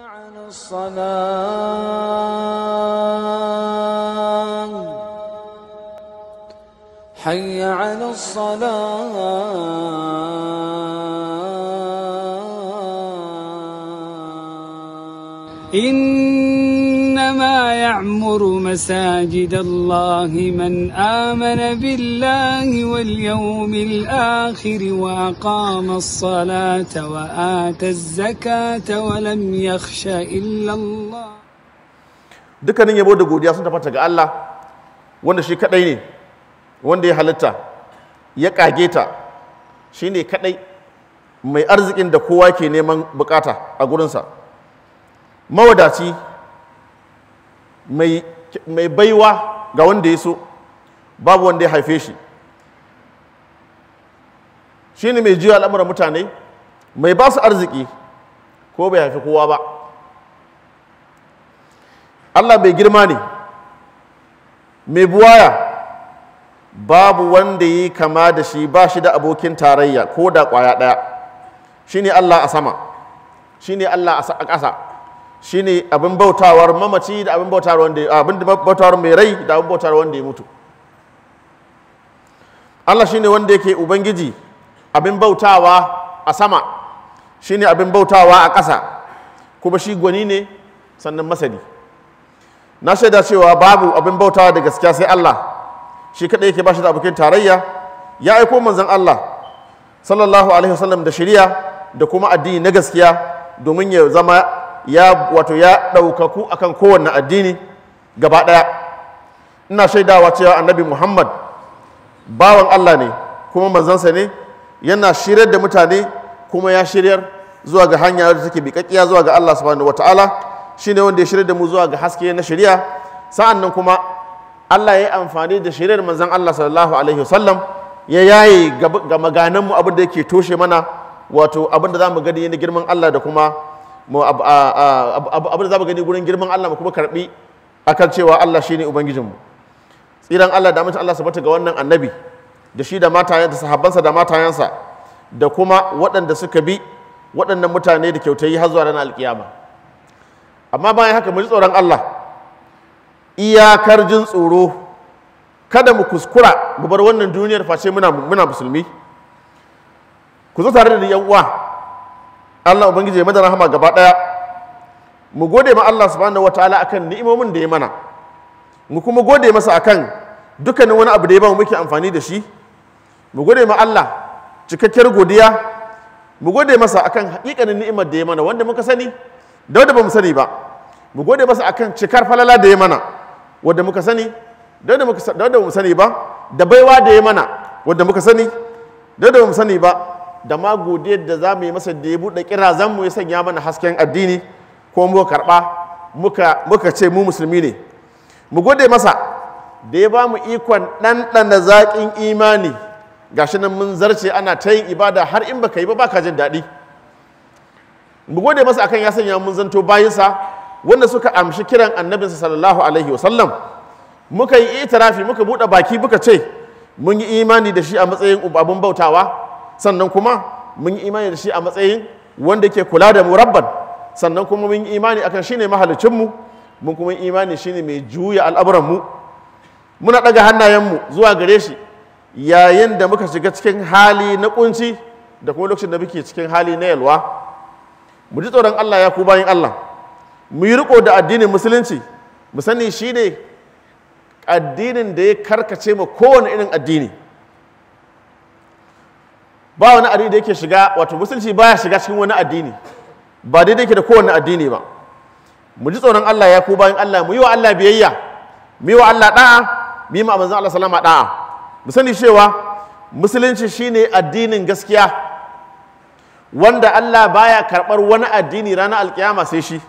عن الصلاة حي على الصلاة إن يعمر مساجد الله من آمن بالله واليوم الآخر وأقام الصلاة وآتى الزكاة ولم يخش إلا الله dukkanin yabo da godiya sun tabbata ga Allah wanda shi kadai ne wanda ya halitta ya kage ta shine kadai mai arzikin da kowa ke neman bukata a gurinsa mawadaci mai baiwa ga wanda ya so babu wanda ya haife shi shi ne mai jiya al'amuran mutane mai ba su arziki ko bai haifi kowa ba allah bai girma ne mai buwaya babu wanda yi kama da shi ba shi da abokin tarayya ko da kwaya ɗaya shi ne allah a sama shi ne allah a ƙasa shine abin bautawar mamaci da abin bautawar wanda abin bautawar mai rai da abin bautawar wanda ya mutu Allah shine wanda yake ubangiji abin bautawa a sama shine abin bautawa a ƙasa kuma shi gwani ne sannan masani na shaida cewa babu abin bautawa da gaskiya sai Allah shi kaɗai yake bashi da abokin tarayya ya aiko manzon Allah sallallahu alaihi wasallam da shari'a da kuma addini na gaskiya domin ya zama ya wato ya ɗaukaku akan kowane addini gaba ɗaya ina shaidawa cewa annabi muhammad bawan allah ne kuma manzansa ne yana shiryar da mutane kuma ya shiryar zuwa ga hanya da take biƙaƙƙiya zuwa ga allah subhanahu shi shine wanda ya shirya da mu zuwa ga haske na shari'a sa'an nan kuma allah ya yi amfani da shiryar manzan allah sallallahu alaihi wasallam ya yaye ga mu abin da yake toshe mana wato abin da za mu gani na girman allah da kuma abin da za mu gani gurin girman Allah mu kuma karbi akan cewa Allah ne ubangijinmu tsiran Allah da mutum Allah sabata ga wannan annabi da shi da matayen da sahabbansa da matayensa da kuma waɗanda suka bi waɗannan mutane da kyautayi har zuwa ranar alkiyama amma bayan haka mu ji tsoron Allah iyakar jin tsoro kada mu kuskura mu bar wannan duniyar face muna muna musulmi ku zo tare da yan uwa Allah ubangiji ya mada rahama gaba daya mu gode ma Allah subhanahu wataala akan ni'imomin da ya mana mu kuma gode masa akan dukkanin wani abu da ya ba mu muke amfani da shi mu gode ma Allah cikakkiyar godiya mu gode masa akan hakikanin ni'imar da ya mana wanda muka sani da wanda bamu sani ba mu gode masa akan cikar falala da ya mana wanda muka sani da wanda bamu sani ba da baiwa da ya mana wanda muka sani da wanda bamu sani ba da ma godiyar da za mu yi masa da ya buɗe kirazan mu ya sanya mana hasken addini ko mu karɓa muka ce mu musulmi ne mu gode masa da ya ba mu ikon ɗanɗana zaƙin imani gashi nan mun zarce ana ta yin ibada har in baka yi ba baka jin daɗi mu gode masa akan ya sanya mun zanto bayansa wanda suka amshi kiran annabinsa sallallahu alaihi wasallam muka yi itirafi muka buɗe baki muka ce mun yi imani da shi a matsayin abun bautawa sannan kuma mun yi imani da shi a matsayin wanda ke kula da mu rabban sannan kuma mun yi imani akan shine mahalicin mu mun kuma yi imani shine mai juya al'amuran mu muna daga hannayen mu zuwa gare shi yayin da muka shiga cikin hali na kunci da kuma lokacin da muke cikin hali na yalwa mu ji tsoron Allah ya ku bayin Allah mu yi riko da addinin musulunci mu sani shine addinin da ya karkace ma kowane irin addini ba wani addini da yake shiga wato musulunci baya shiga cikin wani addini ba daidai yake da kowane addini ba mu ji tsoron Allah ya ku bayan Allah mu yi wa Allah biyayya mu yi wa Allah da'a mu yi ma manzon Allah sallama da'a mu sani cewa musulunci shine addinin gaskiya wanda Allah baya karɓar wani addini ranar alkiyama sai shi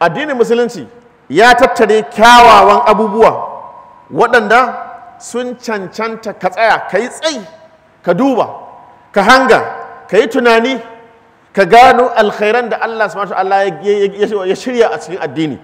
addinin musulunci ya tattare kyawawan abubuwa waɗanda sun cancanta ka tsaya ka yi tsayi ka duba ka hanga ka yi tunani ka gano alkhairan da Allah subhanahu Allah ya shirya a cikin addini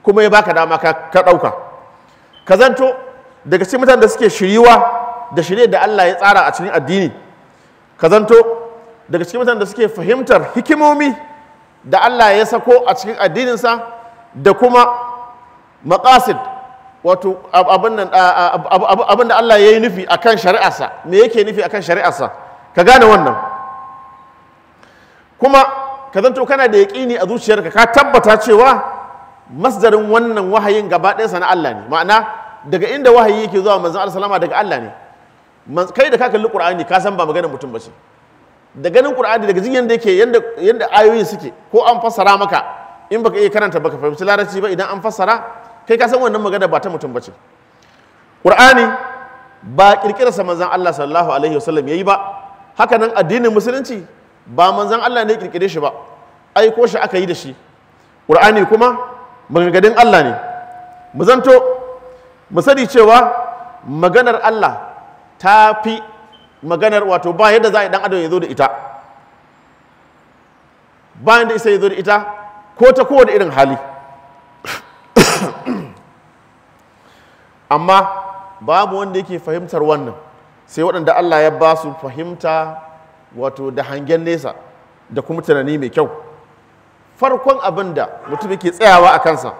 kuma ya baka dama ka ɗauka ka zanto daga cikin mutanen da suke shiriwa da shirye da Allah ya tsara a cikin addini ka zanto daga cikin mutanen da suke fahimtar hikimomi da Allah ya sako a cikin addininsa da kuma maqasid wato abin da Allah ya yi nufi a kan shari'arsa me yake nufi a kan shari'arsa ka gane wannan kuma ka zanto kana da yaƙini a zuciyar ka ka tabbata cewa masdarin wannan wahayin gaba ɗayansa na Allah ne ma'ana daga inda wahayi yake zuwa manzon Allah salama daga Allah ne kai da ka kalli Qur'ani ka san ba maganar mutum ce da ganin Qur'ani daga jin yanda yake yanda ayoyin suke ko an fassara maka in baka iya karanta baka fahimci larabci ba idan an fassara kai ka san wannan magana ba ta mutum ba ce. ƙurani ba ƙirƙirarsa manzan Allah sallallahu alaihi wasallam yayi ba haka nan addinin musulunci ba manzan Allah ne ƙirƙire shi ba ai ko shi aka yi da shi ƙur'ani kuma maganganun Allah ne mu zanto mu sani cewa maganar Allah ta fi maganar wato ba yadda za a yi dan adam ya zo da ita bayan da isa ya zo da ita ko ta kowane irin hali amma babu wanda yake fahimtar wannan sai waɗanda Allah ya ba su fahimta wato da hangen nesa da kuma tunani mai kyau farkon abin da mutum yake tsayawa a kansa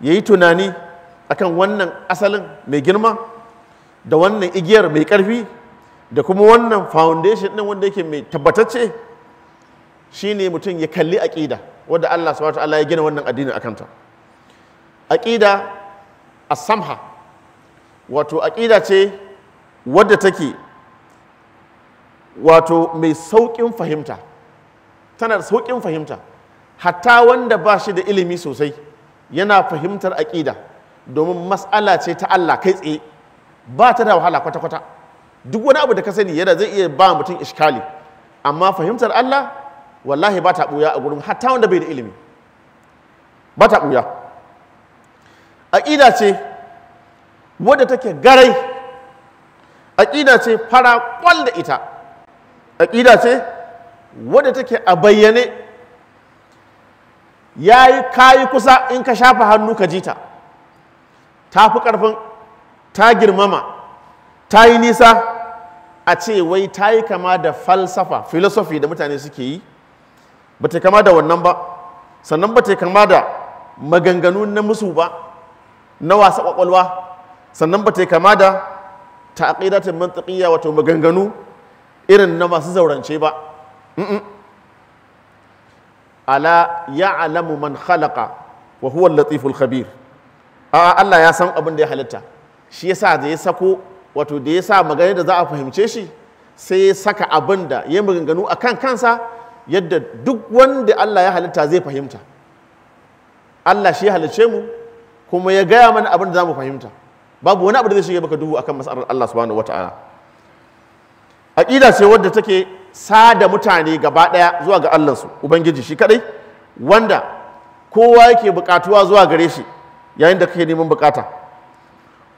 ya yi tunani akan wannan asalin mai girma da wannan igiyar mai karfi da kuma wannan foundation ɗin wanda yake mai tabbatacce ne mutum ya kalli aƙida wadda Allah ta'ala ya gina wannan addinin akanta aƙida a samha wato aƙida ce wadda take wato mai sauƙin fahimta tana da sauƙin fahimta hatta wanda ba shi da ilimi sosai yana fahimtar aƙida domin matsala ce ta Allah kai tsaye ba ta da wahala kwata-kwata duk wani abu da ka sani yana zai iya ba mutum ishkali amma fahimtar Allah wallahi ba ta ɓuya a gurin hatta wanda bai da ilimi ba ta ɓuya aƙida ce wadda take garai aƙida ce fara ƙwal da ita aƙida ce wadda take a bayyane ya yi kayi kusa in ka shafa hannu ka jita ta fi ƙarfin ta girmama ta yi nisa a ce wai ta yi kama da falsafa filosofi da mutane suke yi ba ta kama da wannan ba sannan ba ta kama da maganganu na musu ba na wasa ƙwaƙwalwa sannan ba ta kama da ta taqidatin mantaƙiya wato maganganu irin na masu zaurance ba ala ya alamu man khalaqa wa huwa latiful khabir a Allah ya san abin da ya halitta shi yasa da ya sako wato da ya sa magana da za a fahimce shi sai ya saka abin da ya maganganu a kan kansa yadda duk wanda Allah ya halitta zai fahimta Allah shi ya halicce mu kuma ya gaya mana abin da za mu fahimta babu wani abu da zai shige baka duhu akan mas'alar Allah subhanahu wataala aqida ce wadda take sada mutane gaba daya zuwa ga Allah su ubangiji shi kadai wanda kowa yake bukatuwa zuwa gare shi yayin da kake neman bukata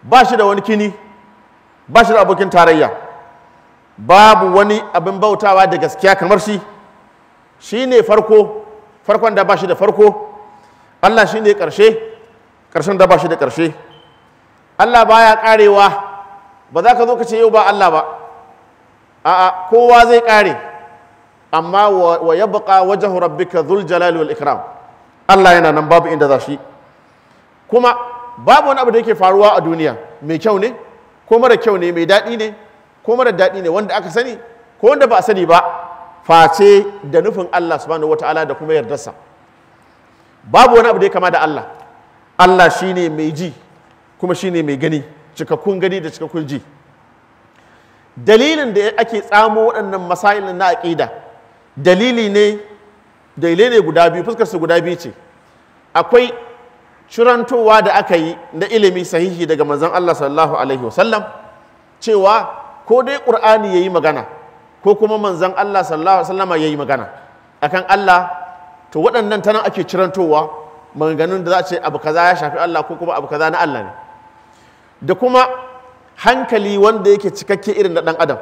ba shi da wani kini ba shi da abokin tarayya babu wani abin bautawa da gaskiya kamar shi shi ne farko farkon da ba shi da farko Allah shi ne ƙarshe ƙarshen da ba shi da karshe. Allah baya karewa ba za ka zo ka ce yau ba Allah ba a'a kowa zai kare amma wa ya wajen wajen rabbika zul jalali wal ikram Allah yana nan babu inda za shi kuma babu wani abu da yake faruwa a duniya mai kyau ne ko mara kyau ne mai daɗi ne ko mara daɗi ne wanda aka sani ko wanda ba a sani ba face da nufin Allah subhanahu wataala da kuma yardarsa babu wani abu da ya kama da Allah Allah shine mai ji kuma shine mai gani cikakkun gani da cikakkun ji dalilin da ake tsamo waɗannan masailin na aƙida dalili ne dalilai ne guda biyu su guda biyu ce akwai cirantowa da aka yi na ilimi sahihi daga manzon Allah sallallahu alaihi wasallam cewa ko dai ƙur'ani ya yi magana ko kuma manzon Allah sallallahu alaihi wasallama ya yi magana akan Allah to waɗannan tana ake cirantowa maganganun da za a ce abu kaza ya shafi Allah ko kuma abu kaza na Allah ne da kuma hankali wanda yake cikakke irin na ɗan adam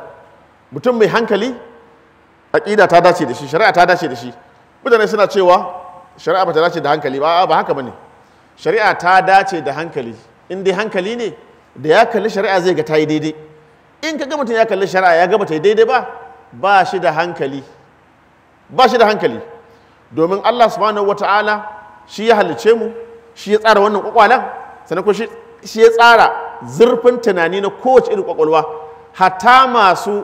mutum mai hankali aƙida ta dace da shi shari'a ta dace da shi mutane suna cewa shari'a ba ta dace da hankali ba ba haka bane shari'a ta dace da hankali in dai hankali ne da ya kalli shari'a zai ga ta yi daidai in ka ga mutum ya kalli shari'a ya ga ba ta yi daidai ba ba shi da hankali ba shi da hankali domin Allah subhanahu ta'ala shi ya halice mu shi ya tsara wannan kwakwalan sannan ko shi shi ya tsara zurfin tunani na kowace irin kwakwalwa Hata masu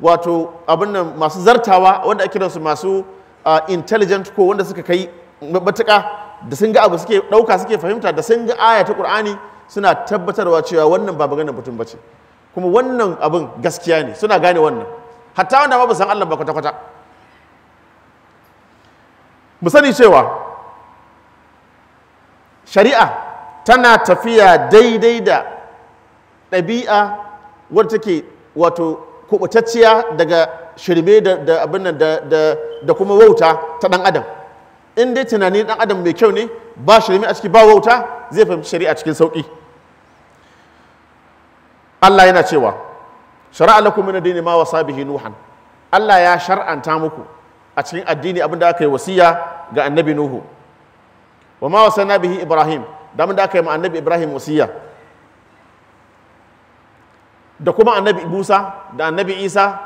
wato abin nan masu zartawa wanda ake su masu intelligent ko wanda suka kai matuka da sun ga abu suke ɗauka suke fahimta da sun ga aya ta suna tabbatarwa cewa wannan ba maganar mutum bace kuma wannan abin gaskiya ne suna gane wannan hatta wanda ba san Allah ba kwata-kwata mu sani cewa shari'a tana tafiya daidai da ɗabi'a wadda take wato kubutacciya daga shirme da abin nan da kuma wauta ta ɗan adam in dai tunani ɗan adam mai kyau ne ba shirme a ciki ba wauta zai fahimci shari'a cikin sauƙi Allah yana cewa shari'a lakum min ad-dini ma wasa bihi nuhan Allah ya shar'anta muku a cikin addini abin da aka yi wasiya ga annabi nuhu wa ma wasa bihi ibrahim damar da aka yi ma annabi ibrahim wasiya da kuma annabi musa da annabi isa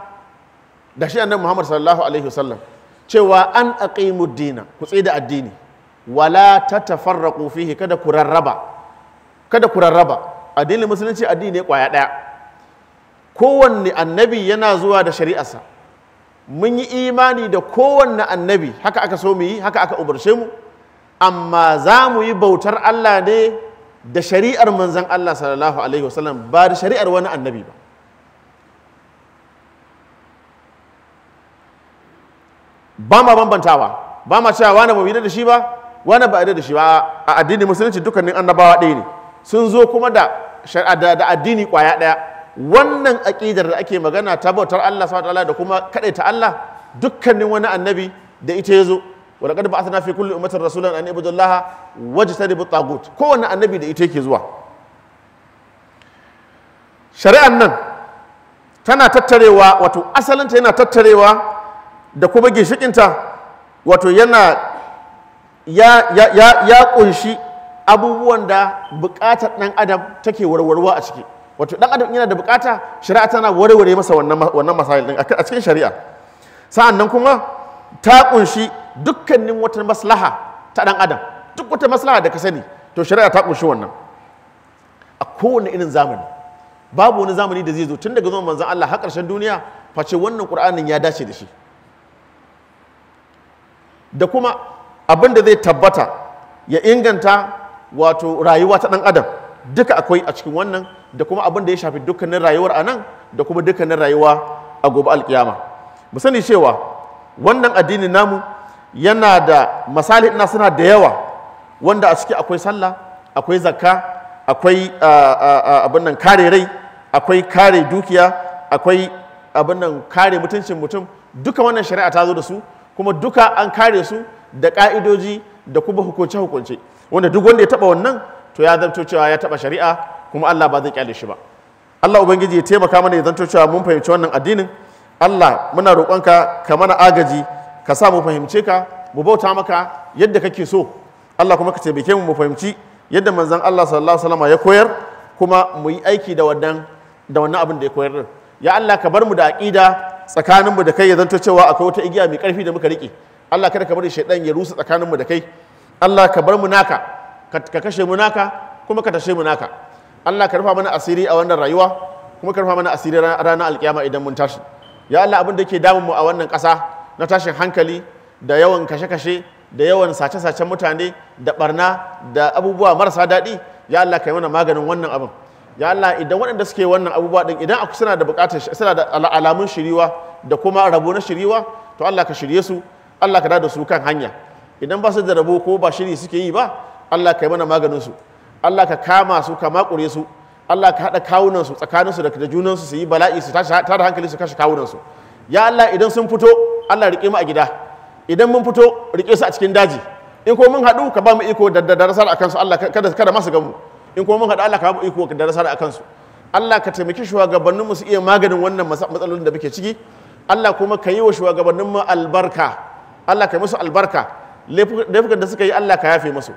da shi annabi muhammad sallallahu alaihi wasallam cewa an aqimu dina ku da addini wala tatafarraqu fihi kada ku rarraba kada ku rarraba addinin musulunci addini ne kwaya daya kowanne annabi yana zuwa da shari'arsa mun yi imani da kowanne annabi haka aka so mu yi haka aka umarce mu amma za mu yi bautar Allah ne da shari'ar manzan Allah sallallahu alaihi wasallam ba da shari'ar wani annabi ba ba ma bambantawa ba ma cewa wani ba da shi ba wani ba da shi ba a addini musulunci dukkanin annabawa ɗaya ne sun zo kuma da addini kwaya ɗaya wannan aƙidar da ake magana ta bautar Allah subhanahu da kuma kaɗaita Allah dukkanin wani annabi da ita ya zo wa laqad ba'athna fi kulli ummatin rasulan an waje allaha wajtanibu tagut kowanne annabi da ita yake zuwa shari'an nan tana tattarewa wato asalinta yana tattarewa da kuma ginshikinta wato yana ya, ya kunshi abubuwan da bukatar ɗan adam take warwarwa a ciki wato ɗan adam yana da bukata shari'a tana warware masa wannan masayin a cikin shari'a sa'an nan kuma ta kunshi dukkanin wata maslaha ta ɗan adam duk wata maslaha da ka sani to shari'a ta kunshi wannan a kowane irin zamani babu wani zamani da zai zo tun daga zuwan manzon Allah har ƙarshen duniya face wannan Qur'anin ya dace da shi da kuma abin da zai tabbata ya inganta wato rayuwa ta ɗan adam duka akwai a cikin wannan da kuma abin da ya shafi dukkanin rayuwar a nan da kuma dukkanin rayuwa a gobe alkiyama mu sani cewa wannan addinin namu yana da misali ina suna da yawa wanda a ciki akwai sallah akwai zakka akwai abin nan kare rai akwai kare dukiya akwai abin nan kare mutuncin mutum duka wannan shari'a ta zo da su kuma duka an kare su da ka'idoji da kuma hukunce-hukunce wanda duk wanda ya taba wannan to ya zanto cewa ya taba shari'a kuma Allah ba zai kyale shi ba Allah ubangiji ya taimaka mana ya zanto cewa mun fahimci wannan addinin Allah muna roƙonka ka mana agaji ka sa mu fahimce ka mu bauta maka yadda kake so Allah kuma ka taimake mu mu fahimci yadda manzon Allah sallallahu alaihi wasallam ya koyar kuma mu yi aiki da wannan da wannan abin da ya koyar ya Allah ka bar mu da aqida tsakanin mu da kai ya zanto cewa akwai wata igiya mai karfi da muka rike Allah kada ka bari shaidan ya rusa tsakanin mu da kai Allah ka bar mu naka ka kashe mu naka kuma ka tashe mu naka Allah ka rufa mana asiri a wannan rayuwa kuma ka rufa mana asiri ranar alkiyama idan mun tashi ya Allah abin da ke damun mu a wannan ƙasa na tashin hankali da yawan kashe-kashe da yawan sace-sacen mutane da barna da abubuwa marasa daɗi ya Allah ka yi mana maganin wannan abin ya Allah idan waɗanda suke wannan abubuwa ɗin idan aku suna da buƙatar suna da alamun shiriwa da kuma rabo na shiriwa to Allah ka shirye su Allah ka da su kan hanya idan ba su da rabo ko ba shiri suke yi ba Allah ka yi mana maganin su Allah ka kama su ka makure su Allah ka haɗa kawunan su tsakanin su da junan su su yi bala'i su tashi tada hankali su kashe kawunan su ya Allah idan sun fito Allah rike mu a gida idan mun fito rike su a cikin daji in ko mun haɗu ka ba mu iko da darasar akan su Allah kada kada masu gamu in ko mun haɗu Allah ka ba mu iko da darasar akan su Allah ka taimaki shugabannin mu su iya maganin wannan matsalolin da muke ciki Allah kuma ka yi wa shugabannin mu albarka Allah ka yi musu albarka laifukan da suka yi Allah ka yafe musu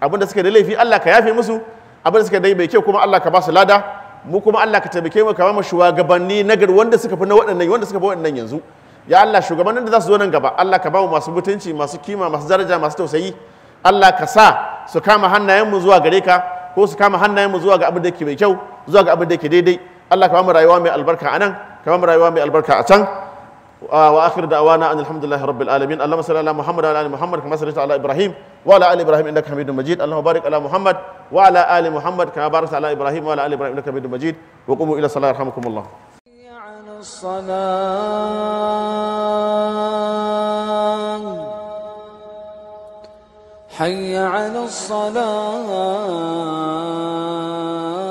abin da suka da laifi Allah ka yafe musu abin da suka da bai kyau kuma Allah ka ba su lada mu kuma Allah ka taimake mu ka ba mu shugabanni nagari wanda suka fi na waɗannan wanda suka fi waɗannan yanzu ya Allah shugabannin da za su zo nan gaba Allah ka ba mu masu mutunci masu kima masu daraja masu tausayi Allah ka sa su kama hannayenmu zuwa gare ka ko su kama hannayenmu zuwa ga abin da yake mai kyau zuwa ga abin da yake daidai Allah ka ba mu rayuwa mai albarka a nan ka ba mu rayuwa mai albarka a can wa akhir da'wana an alhamdulillahi rabbil alamin Allahumma salli ala Muhammad wa ala ali Muhammad kama sallaita ala Ibrahim wa ala ali Ibrahim innaka Hamidum Majid Allahumma barik ala Muhammad wa ala ali Muhammad kama barakta ala Ibrahim wa ala ali Ibrahim innaka Hamidum Majid wa qumu ila salati yarhamukumullah الصلاة حي على الصلاة